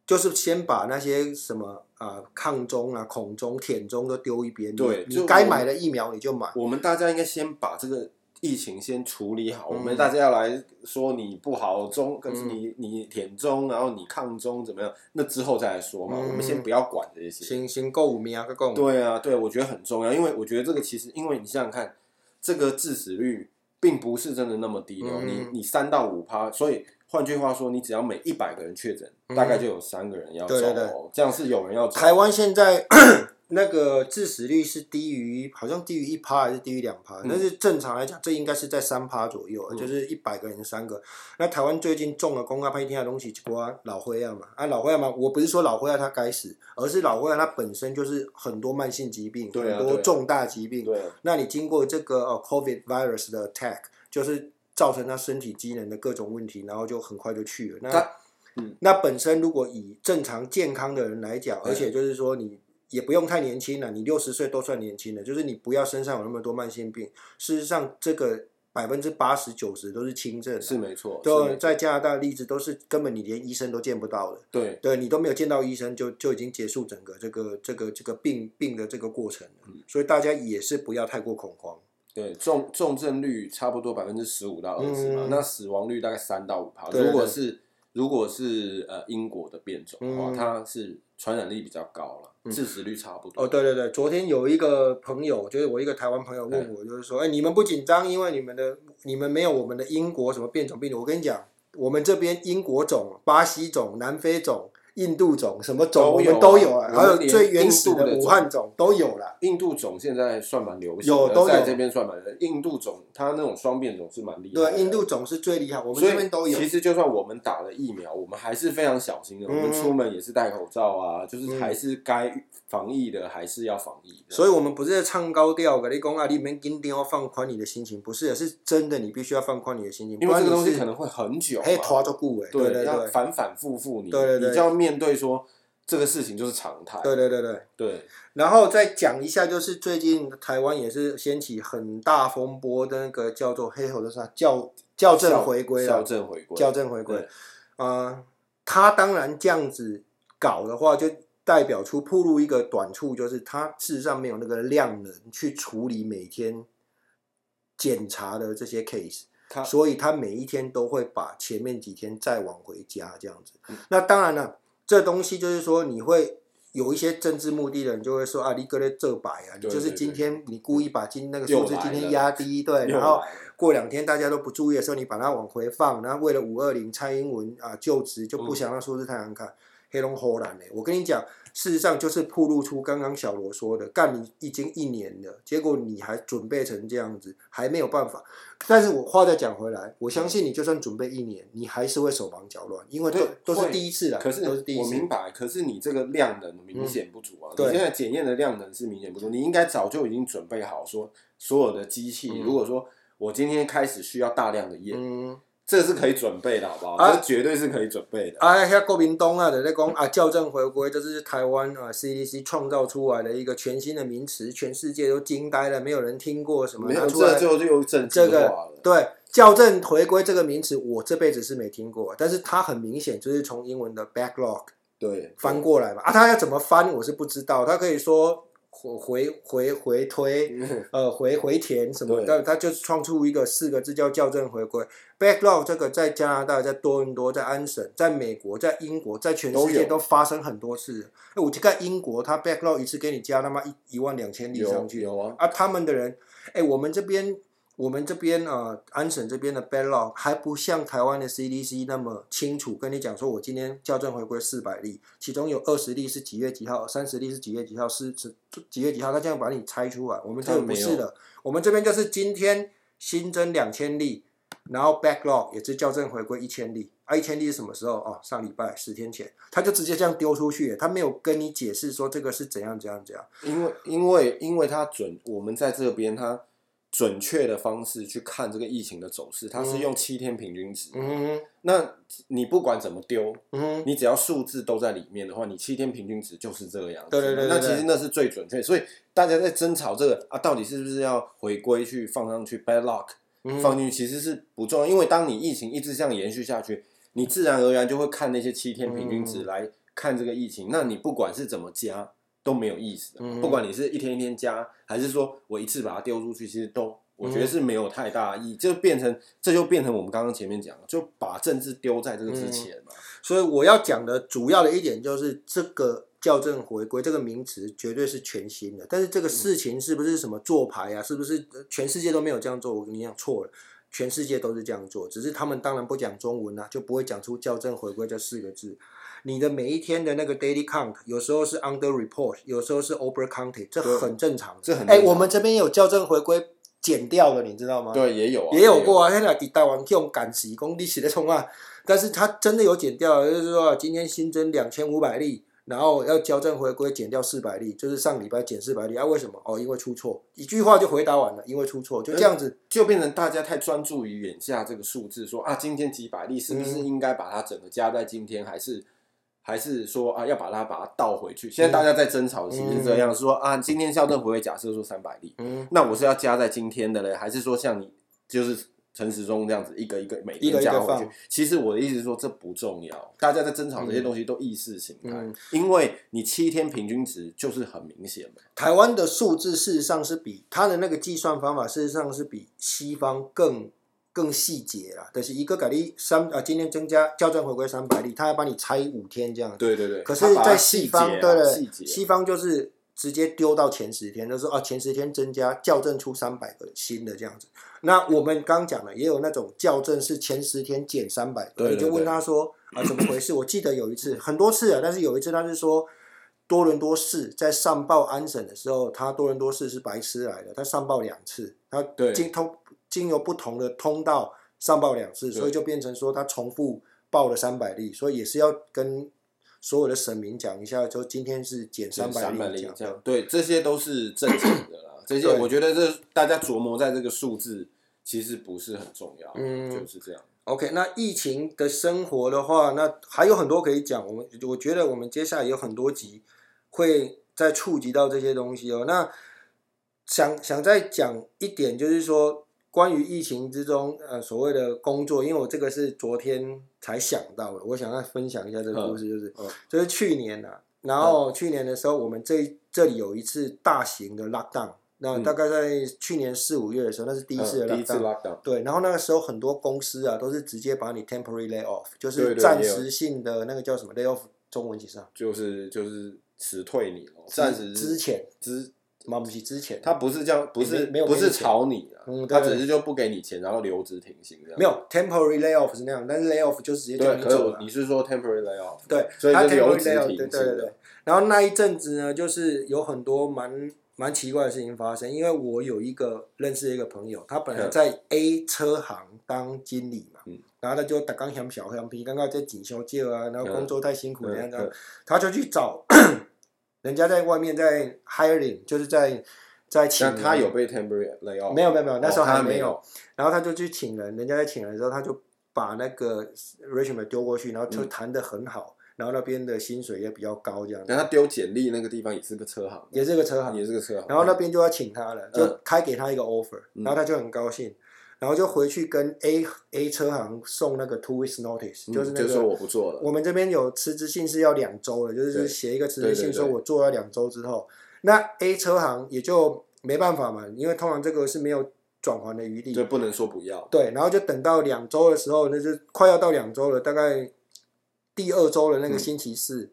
就是先把那些什麼啊、呃，抗中啊、恐中、舔中都丟一邊，對，你該買的疫苗你就買。我們大家應該先把這個疫情先處理好，嗯嗯。我們大家要來說你不好中，嗯嗯，跟你你舔中，然後你抗中怎麼樣？那之後再來說嘛。嗯、我們先不要管這些。先先購疫苗，再購。對啊，對，我覺得很重要，因為我覺得這個其實，因為你想想看，這個致死率並不是真的那麼低的，嗯嗯你你三到五趴，所以。換句話說，你只要每一百個人確診、嗯，大概就有三個人要走。對對對，這樣是有人要走。台灣現在 [coughs] 那個致死率是低於，好像低於一趴還是低於兩趴？那是正常來講、嗯，這應該是在三趴左右，嗯、就是一百個人三個、嗯。那台灣最近中了公安派天下的東西，就老灰樣、啊、嘛？啊，老灰樣、啊、嘛？我不是說老灰樣它該死，而是老灰樣它本身就是很多慢性疾病，啊、很多重大疾病對、啊。對。那你經過這個呃 COVID virus 的 attack，就是。造成他身體機能的各種問題，然後就很快就去了。那，嗯，那本身如果以正常健康的人來講，而且就是說你也不用太年輕了，你六十歲都算年輕了，就是你不要身上有那麼多慢性病。事實上，這個百分之八十九十都是輕症，是沒錯。對，在加拿大的例子都是根本你連醫生都見不到的，對，對，對你都沒有見到醫生就就已經結束整個這個這個這個病病的這個過程。所以大家也是不要太過恐慌。對，重重症率差不多百分之十五到二十嘛，那死亡率大概三到五趴。如果是如果是呃英國的變種的話，嗯、它是傳染力比較高了，致死率差不多、嗯。哦，對對對，昨天有一個朋友，就是我一個台灣朋友問我，就是說，哎、欸，你們不緊張，因為你們的你們沒有我們的英國什麼變種病毒。我跟你講，我們這邊英國種、巴西種、南非種。印度種什麼種都有啊，我們都有啊，還有最原始的武漢種都有了。印度種現在算蠻流行的，有都有在這邊算蠻流行的。印度種它那種雙變種是蠻厲害的。對，印度種是最厲害，我們這邊都有。其實就算我們打了疫苗，我們還是非常小心的。嗯、我們出門也是戴口罩啊，就是還是該。嗯防疫的還是要防疫的。所以我們不是在唱高調，跟你講啊，你們今天要放寬你的心情，不是，是真的，你必須要放寬你的心情。因為這個東西可能會很久，還拖着。對對，對，對，對，對反反复复，你你就要面對說這個事情就是常態。對對對對，對，對，對，對。然後再講一下，就是最近台灣也是掀起很大風波的那個叫做黑猴的叫叫校正回歸校正回歸，校正回歸、呃。他當然這樣子搞的話就。代表出暴露一個短處，就是他事實上沒有那個量能去處理每天檢查的這些 case，所以他每一天都會把前面幾天再往回加這樣子、嗯。那當然了、啊，這東西就是說你會有一些政治目的的人就會說啊，你個人這擺啊對對對，你就是今天你故意把今那個數字今天壓低，對，然後過兩天大家都不注意的時候，你把它往回放，然後為了五二零蔡英文啊就職就不想讓數字太難看。嗯嗯黑龍江嘞，我跟你講，事實上就是曝露出剛剛小羅說的，幹你已經一年了，結果你還準備成這樣子，還沒有辦法。但是我話再講回來，我相信你就算準備一年，你還是會手忙腳亂，因為都都是第一次來，都是第一次。我明白，可是你這個量能明顯不足啊！嗯、你現在檢驗的量能是明顯不足，你應該早就已經準備好，說所有的機器，嗯、如果說我今天開始需要大量的驗。嗯這是可以準備的，好不好、啊？這絕對是可以準備的。哎，像郭明東啊，他、啊那個啊、在講啊“校正回歸”就是台灣啊 CDC 創造出來的一個全新的名詞，全世界都驚呆了，沒有人聽過什麼拿出來。沒有，這最後就又整這個對“校正回歸”這個名詞，我這輩子是沒聽過，但是它很明顯就是從英文的 backlog 對翻過來嘛。啊，他要怎麼翻，我是不知道。他可以說。回回回推，mm -hmm. 呃，回回填什麼？的，他就是創出一個四個字叫校正回歸。backlog 這個在加拿大，在多倫多，在安省，在美國,在英國，在英國，在全世界都發生很多次。哎，我就看英國，他 backlog 一次給你加他媽一一萬兩千例上去，有,有啊,啊。他們的人，哎，我們這邊。我們這邊啊、呃，安省這邊的 backlog 還不像台灣的 CDC 那麼清楚。跟你講說，我今天校正回歸四百例，其中有二十例是幾月幾號，三十例是幾月幾號，四十幾月幾號，他這樣把你猜出來。我們這不是的，哎沒有，我們這邊就是今天新增兩千例，然後 backlog 也是校正回歸一千例，啊，一千例是什麼時候哦，上禮拜十天前，他就直接這樣丟出去，他沒有跟你解釋說這個是怎樣怎樣怎樣。因為因為因為他准，我們在這邊他。準確的方式去看這個疫情的走勢，它是用七天平均值。嗯哼，那你不管怎麼丟，嗯哼，你只要數字都在裡面的話，你七天平均值就是這個樣子。對對對，對，那其實那是最準確。所以大家在爭吵這個啊，到底是不是要回歸去放上去？Bad luck，放進去、嗯、其實是不重要，因為當你疫情一直這樣延續下去，你自然而然就會看那些七天平均值來看這個疫情。嗯、那你不管是怎麼加。都沒有意思的、啊嗯，不管你是一天一天加，還是說我一次把它丟出去，其實都我覺得是沒有太大意義、嗯，就變成這就變成我們剛剛前面講的，就把政治丟在這個之前嘛、嗯、所以我要講的主要的一點就是，這個校正回歸這個名詞絕對是全新的。但是這個事情是不是什麼做牌呀、啊嗯？是不是全世界都沒有這樣做？我跟你講錯了，全世界都是這樣做，只是他們當然不講中文啊，就不會講出校正回歸這四個字。你的每一天的那個 daily count 有時候是 under report，有時候是 over counted，這很正常、欸，這很哎、欸，我們這邊有校正回歸減掉的，你知道嗎？對，也有啊。也有過啊。現在給大王用趕時，工，你寫的衝啊，但是他真的有減掉，就是說今天新增兩千五百例，然後要校正回歸減掉四百例，就是上禮拜減四百例啊？為什麼？哦，因為出錯，一句話就回答完了，因為出錯，就這樣子、嗯、就變成大家太專注於眼下這個數字，說啊，今天幾百例是不是應該把它整個加在今天，嗯、還是？還是說啊，要把它把它倒回去。現在大家在爭吵的是不是這樣？嗯、說啊，今天校正回歸假設說三百例、嗯，那我是要加在今天的嘞？還是說像你就是陳時中這樣子一個一個，一個一個每一個加回去？其實我的意思是說，這不重要。大家在爭吵這些東西都意識形態、嗯，因為你七天平均值就是很明顯嘛。台灣的數字事實上是比它的那個計算方法，事實上是比西方更。更細節啦，但、就是一個改了三啊，今天增加校正回歸三百例，他要幫你拆五天這樣子。對對對。可是，在西方，他他啊、對、啊、西方就是直接丟到前十天，他、就是、說啊，前十天增加校正出三百個新的這樣子。那我們剛講了也有那種校正是前十天減三百，你就問他說啊，怎麼回事？我記得有一次， [laughs] 很多次啊，但是有一次他是說多倫多市在上報安省的時候，他多倫多市是白痴來的，他上報兩次，他經通。對經由不同的通道上報兩次，所以就變成說他重複報了三百例，所以也是要跟所有的省民講一下，就今天是減三百例。這樣對，這些都是正常的啦。 [coughs] 這些我覺得這大家琢磨在這個數字其實不是很重要，嗯，就是這樣。OK，那疫情的生活的話，那還有很多可以講。我們我覺得我們接下來有很多集會再觸及到這些東西哦。那想想再講一點，就是說。關於疫情之中，呃，所謂的工作，因為我這個是昨天才想到的，我想要分享一下這個故事，就是、嗯，就是去年啊。然後去年的時候，我們這這裡有一次大型的 lockdown、嗯、那大概在去年四五月的時候，那是第一次的 lockdown、嗯、第一次 lockdown，對，然後那個時候很多公司啊，都是直接把你 temporary lay off，就是暫時性的那個叫什麼 lay off，中文其實啊，就是就是辭退你，暫時之前之前。買不之前，啊，他不是這樣。不是，欸，沒有，不是炒你啊。嗯，對對對，他只是就不給你錢，然後留職停薪這樣。沒有 temporary lay off 是那樣，但是 lay off 就直接就走了啊。你是說 temporary lay off？對，所以就他就 layoff 留職停薪的。然後那一陣子呢，就是有很多蠻蠻奇怪的事情發生，因為我有一個認識一個朋友，他本來在 A 車行當經理嘛，嗯，然後他就打剛想小黑羊皮，剛剛在錦繡街啊，然後工作太辛苦了這樣子，嗯嗯嗯，他就去找。 [coughs] 人家在外面在 hiring，就是在在請人。他有被 temporary lay off？沒有沒有沒有，那時候還沒有。哦、沒有然後他就去請人，人家在請人的時候，他就把那個 resume 丟過去，然後就談的很好、嗯，然後那邊的薪水也比較高，這樣。那他丟簡歷那個地方也是個車行？也是個車行？也是個車行。然後那邊就要請他了，嗯、就開給他一個 offer，然後他就很高興。嗯嗯然後就回去跟 A A 車行送那個 two weeks notice，嗯、就是那個說我不做了，我們這邊有辭職信是要兩週的，就是寫一個辭職信，說我做了兩週之後對對對，那 A 車行也就沒辦法嘛，因為通常這個是沒有轉圜的餘地，就不能說不要。對，然後就等到兩週的時候，那就快要到兩週了，大概第二週的那個星期四，嗯、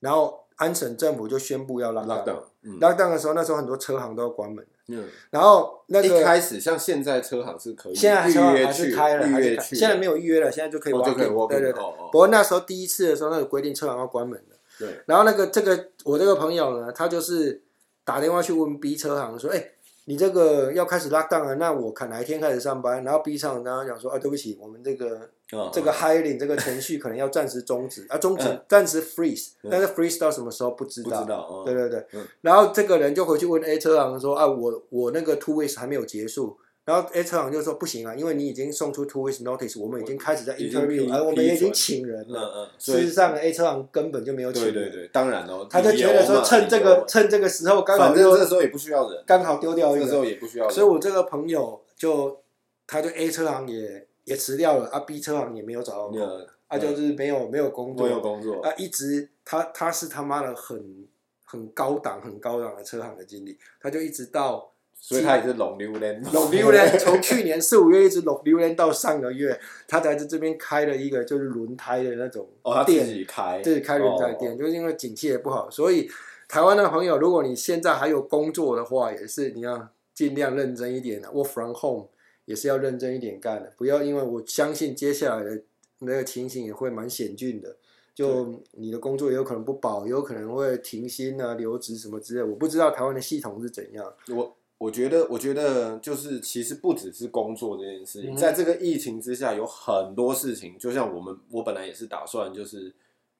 然後安省政府就宣布要拉拉檔、嗯，拉檔的時候，那時候很多車行都要關門。嗯、然後那個一開始像現在車行是可以預約去，預約,約去，現在沒有預約了，現在就可以，oh, 就可以 walking, 對對對。Oh, 不過那時候第一次的時候，那個規定車行要關門的。對。然後那個這個我這個朋友呢，他就是打電話去問 B 車行說：“哎、欸，你這個要開始 lockdown 了，那我看哪一天開始上班？”然後 B 車行跟他講說：“啊，對不起，我們這個。”嗯、這個 hiring、嗯、這個程序可能要暫時終止、嗯、啊，終止暫時 freeze，、嗯、但是 freeze 到什麼時候不知道。不知道。嗯、對對對、嗯。然後這個人就回去問 A 車行說啊，我我那個 two weeks 還沒有結束。然後 A 車行就說不行啊，因為你已經送出 two weeks notice，我們已經開始在 interview，p,、啊、我們已經請人了。嗯，嗯所以事實上，A 車行根本就沒有請人。對對對，當然嘍、哦。他就覺得說趁這個趁這個時候剛好，這個時候也不需要人，剛好丟掉。這個、時候也不需要，不需要。所以我這個朋友就他對 A 車行也。也辭掉了啊！B 車行也沒有找到工 yeah, 啊、嗯，就是沒有沒有工作，沒有工作啊！一直他他是他媽的很很高檔很高檔的車行的經理，他就一直到，所以他也是浪流連，浪流連從去年四五月一直浪流連到上個月，他才在這邊開了一個就是輪胎的那種店哦，他自己開，對，開輪胎店、哦，就是因為景氣也不好，所以台灣的朋友，如果你現在還有工作的話，也是你要盡量認真一點 work from home。也是要認真一點幹的，不要因為我相信接下來的那個情形也會蠻險峻的，就你的工作也有可能不保，有可能會停薪啊、留職什麼之類。我不知道台灣的系統是怎樣。我我覺得，我覺得就是其實不只是工作這件事情、嗯，在這個疫情之下，有很多事情，就像我們我本來也是打算就是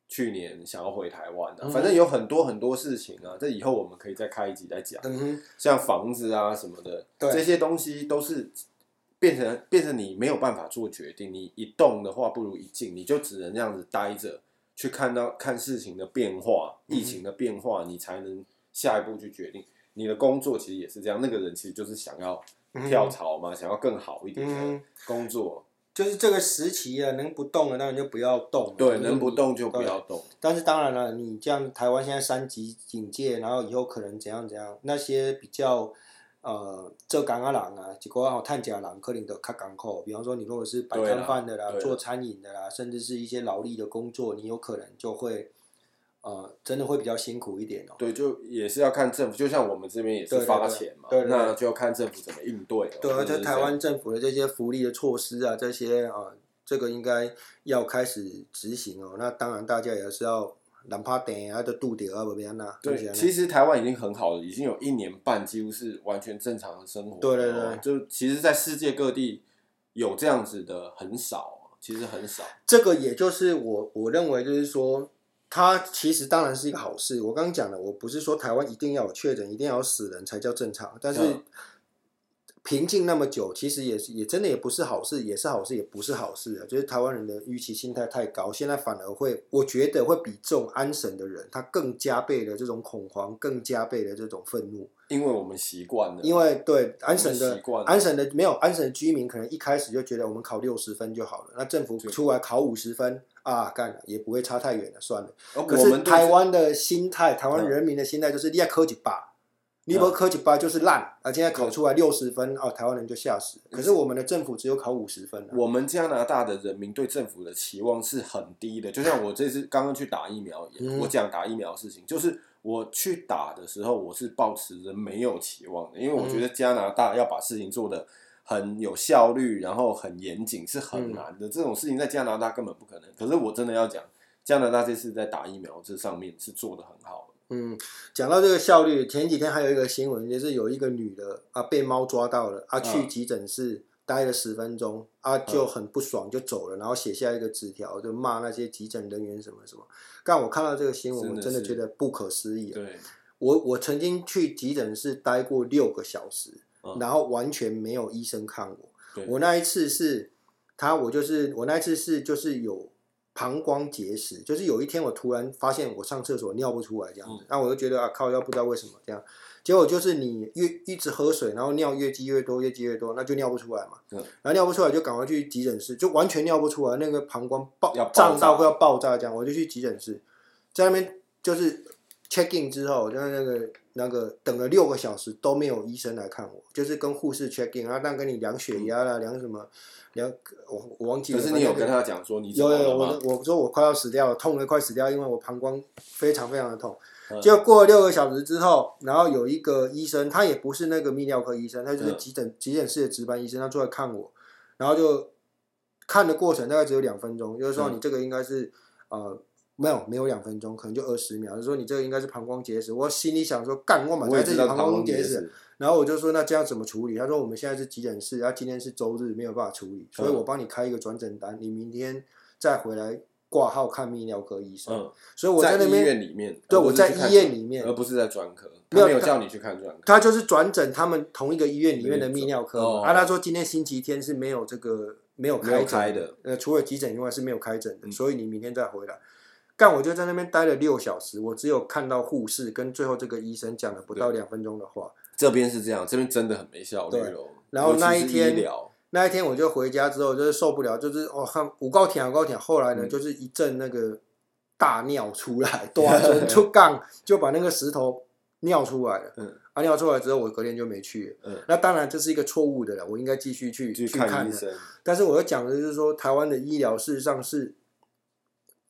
去年想要回台灣的、啊嗯，反正有很多很多事情啊，這以後我們可以再開一集再講、嗯，像房子啊什麼的，對這些東西都是。變成變成你沒有辦法做決定，你一動的話不如一靜，你就只能這樣子待着，去看到看事情的變化，疫情的變化，你才能下一步去決定。你的工作其實也是這樣，那個人其實就是想要跳槽嘛，嗯、想要更好一點的工作、嗯。就是這個時期啊，能不動的那你就不要動，對，能不動就不要動。但是當然了，你像台灣現在三級警戒，然後以後可能怎樣怎樣，那些比較。呃，浙江啊、郎啊，幾個啊，探假朗克林的克港口，比方說你如果是擺攤販的啦，啦、做餐飲的啦，甚至是一些勞力的工作，你有可能就會，呃，真的會比較辛苦一點哦、喔。對，就也是要看政府，就像我們這邊也是發錢嘛，對對對對對對。那就要看政府怎麼應對、喔。對，而且台灣政府的這些福利的措施啊，這些啊、呃，這個應該要開始執行哦、喔。那當然，大家也是要。掉啊，就啊對、就是，其實台灣已經很好了，已經有一年半，幾乎是完全正常的生活了。對對，對就其實，在世界各地有這樣子的很少，其實很少。嗯、這個也就是我我認為，就是說，它其實當然是一個好事。我剛剛講的，我不是說台灣一定要有確診，一定要有死人才叫正常，但是。嗯平靜那麼久，其實也是也真的也不是好事，也是好事也不是好事啊！就是台灣人的預期心態太高，現在反而會，我覺得會比這種安省的人他更加倍的這種恐慌，更加倍的這種憤怒。因為我們習慣了，因為對安省的習慣安省的沒有安省的居民，可能一開始就覺得我們考六十分就好了。那政府出來考五十分啊，幹了也不會差太遠了，算了。我、哦、們台灣的心態，台灣人民的心態就是你要考一百。尼泊科技吧，就是爛，啊，現在考出來六十分，哦，台灣人就嚇死了。可是我們的政府只有考五十分、啊。我們加拿大的人民對政府的期望是很低的，就像我這次剛剛去打疫苗一樣、嗯。我講打疫苗的事情，就是我去打的時候，我是抱持着沒有期望的，因為我覺得加拿大要把事情做得很有效率，然後很嚴謹是很難的、嗯，這種事情在加拿大根本不可能。可是我真的要講，加拿大這次在打疫苗這上面是做得很好。嗯，講到這個效率，前幾天還有一個新聞，也、就是有一個女的啊被貓抓到了啊，去急診室待了十分鐘啊，啊就很不爽就走了，然後寫下一個紙條就罵那些急診人員什麼什麼。但我看到這個新聞，我真的覺得不可思議是是。對，我我曾經去急診室待過六個小時，然後完全沒有醫生看我。我那一次是，他我就是我那一次是就是有。膀胱結石，就是有一天我突然發現我上廁所尿不出來這樣子，那、嗯啊、我就覺得啊靠，要不知道為什麼這樣，結果就是你越一直喝水，然後尿越積越多，越積越，越，越多，那就尿不出來嘛。嗯、然後尿不出來就趕快去急診室，就完全尿不出來，那個膀胱爆脹到快要爆炸這樣，我就去急診室，在那邊就是 check in 之後，就是那個。那個等了六個小時都沒有醫生來看我，就是跟護士 check in 啊，但跟你量血壓啦、嗯、量什麼，量我我忘記了。可是你有跟他講說你有嗎？有，有，我我說我快要死掉了，痛得快死掉，因為我膀胱非常非常的痛、嗯。就過了六個小時之後，然後有一個醫生，他也不是那個泌尿科醫生，他就是急診、嗯、急診室的值班醫生，他出來看我，然後就看的過程大概只有兩分鐘，就是說你這個應該是、嗯、呃。沒有，沒有兩分鐘，可能就二十秒。他說：“你這個應該是膀胱結石。”我心裡想說：“幹我嘛，在這裡膀胱結石。結石”然後我就說：“那這樣怎麼處理？”他說：“我們現在是急診室，而、啊、今天是周日，沒有辦法處理，所以我幫你開一個轉診單，你明天再回來掛號看泌尿科醫生。”嗯，所以我在，那邊在醫院裡面，對我在醫院裡面，而不是在專科，他沒有叫你去看專科他。他就是轉診他們同一個醫院裡面的泌尿科。哦、啊，他說今天星期天是沒有這個沒有開沒有開的，呃，除了急診以外是沒有開診的、嗯，所以你明天再回來。但我就在那邊待了六小時，我只有看到護士跟最後這個醫生講了不到兩分鐘的話。這邊是這樣，這邊真的很沒效率哦。對，然後那一天，那一天我就回家之後就是受不了，就是哦，有夠痛，有夠痛，後來呢、嗯、就是一陣那個大尿出來，突然槓就把那個石頭尿出來了。嗯、 [laughs] 啊，啊尿出來之後，我隔天就沒去。嗯，那當然這是一個錯誤的了，我應該繼續去去看醫生。的但是我要講的就是說，台灣的醫療事實上是。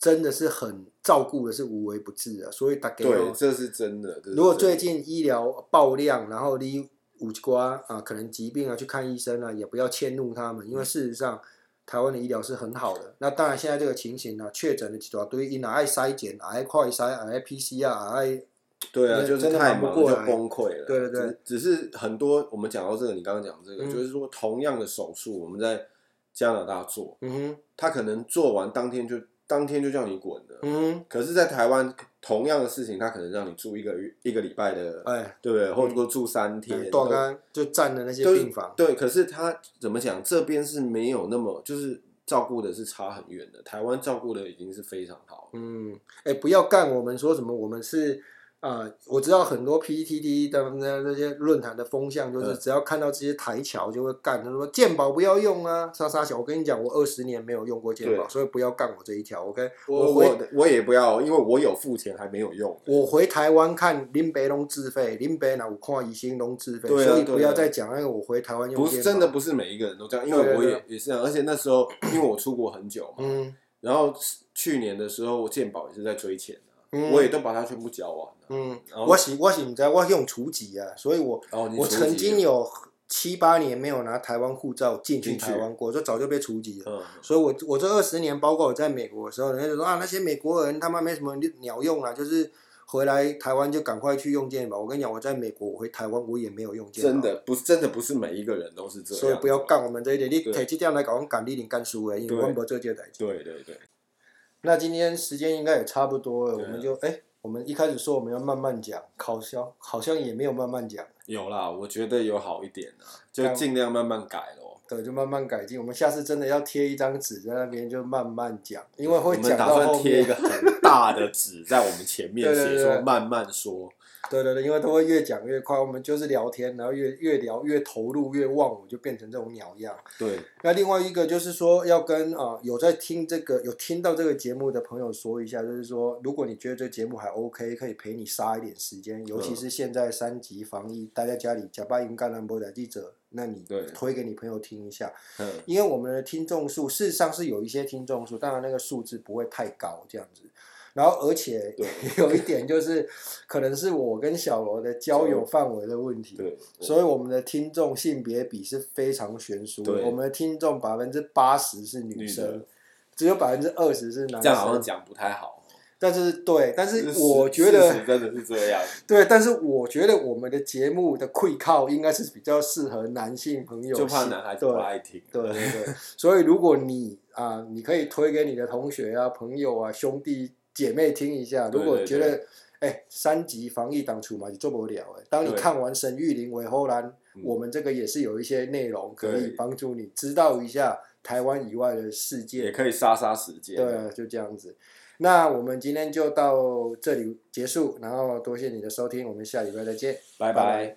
真的是很照顧的，是無微不至啊。所以大家、喔、對這，這是真的。如果最近醫療爆量，然後你五級瓜啊，可能疾病啊去看醫生啊，也不要遷怒他們，因為事實上、嗯、台灣的醫療是很好的。那當然，現在這個情形呢、啊，確診的一大堆，你愛篩檢，愛快篩，愛 P C R，愛對啊，就是太忙了就崩潰了。對對對，只，只是很多我們講到這個，你剛剛講這個、嗯，就是說同樣的手術，我們在加拿大做，嗯哼，他可能做完當天就。當天就叫你滾的，嗯，可是，在台灣，同樣的事情，他可能讓你住一個月、一個禮拜的，哎，對不對？或者說住三天，對、嗯。就佔的那些病房，對。對可是他怎麼講？這邊是沒有那麼，就是照顧的是差很遠的。台灣照顧的已經是非常好，嗯，哎、欸，不要干我們說什麼，我們是。啊、嗯，我知道很多 PTT 的那些論壇的風向，就是只要看到這些台僑就會幹。他、嗯、說健保不要用啊，殺殺小，我跟你講，我二十年沒有用過健保，所以不要幹我這一條。OK，我我我，我也不要，因為我有付錢，還沒有用。我回台灣看林北攏自費，林北若我看醫生攏自費，啊，所以不要再講那個我回台灣用。不是真的，不是每一個人都這樣，因為我也對對對也是這樣，而且那時候因為我出國很久嘛，嗯、然後去年的時候我健保也是在追錢的。嗯、我也都把它全部交完了。嗯、哦，我是我現在我是用除籍啊，所以我、哦，我曾經有七八年沒有拿台灣護照進去台灣過，就早就被除籍了、嗯。所以我，我我這二十年，包括我在美國的時候，人家就說啊，那些美國人他媽沒什麼鳥用啊，就是回來台灣就趕快去用劍吧。我跟你講，我在美國，我回台灣，我也沒有用劍。真的不是，真的不是每一個人都是這樣，樣所以不要干我們這一點。你提起這樣來講，幹你你干輸哎，因為萬博這屆代。對對對。對對那今天時間應該也差不多了，了我們就哎、欸，我們一開始說我們要慢慢講，好像好像也沒有慢慢講，有啦，我覺得有好一點啦，就盡量慢慢改咯。對，就慢慢改進。我們下次真的要貼一張紙在那邊，就慢慢講，因為會講到後面。我們打算貼一個很大的紙在我們前面寫 [laughs] 對對對對，寫說慢慢說。對對對，因為都會越講越快，我們就是聊天，然後越越聊越投入越忘我，就變成這種鳥樣。對，那另外一個就是說，要跟啊、呃、有在聽這個有聽到這個節目的朋友說一下，就是說，如果你覺得這個節目還 OK，可以陪你殺一點時間，尤其是現在三級防疫，待在家裡加班應該蠻播的記者，那你推給你朋友聽一下。對，因為我們的聽眾數事實上是有一些聽眾數，當然那個數字不會太高，這樣子。然後，而且有一點就是，可能是我跟小羅的交友範圍的問題，對，所以我們的聽眾性別比是非常懸殊。對，我們的聽眾百分之八十是女生，只有百分之二十是男生。這樣好像講不太好。但是對，但是我覺得真的是這樣。對，但是我覺得我們的節目的氣口應該是比較適合男性朋友，就怕男孩子不愛聽。對對對，對，所以如果你啊，你可以推給你的同學啊、朋友啊、兄弟。姐妹聽一下，如果覺得，對對對欸、三級防疫當初嘛你做不了哎。當你看完神《神域臨為後呢，我們這個也是有一些內容可以幫助你知道一下台灣以外的世界，也可以殺殺時間。對，就這樣子。那我們今天就到這裡結束，然後多謝你的收聽，我們下禮拜再見，拜拜。拜拜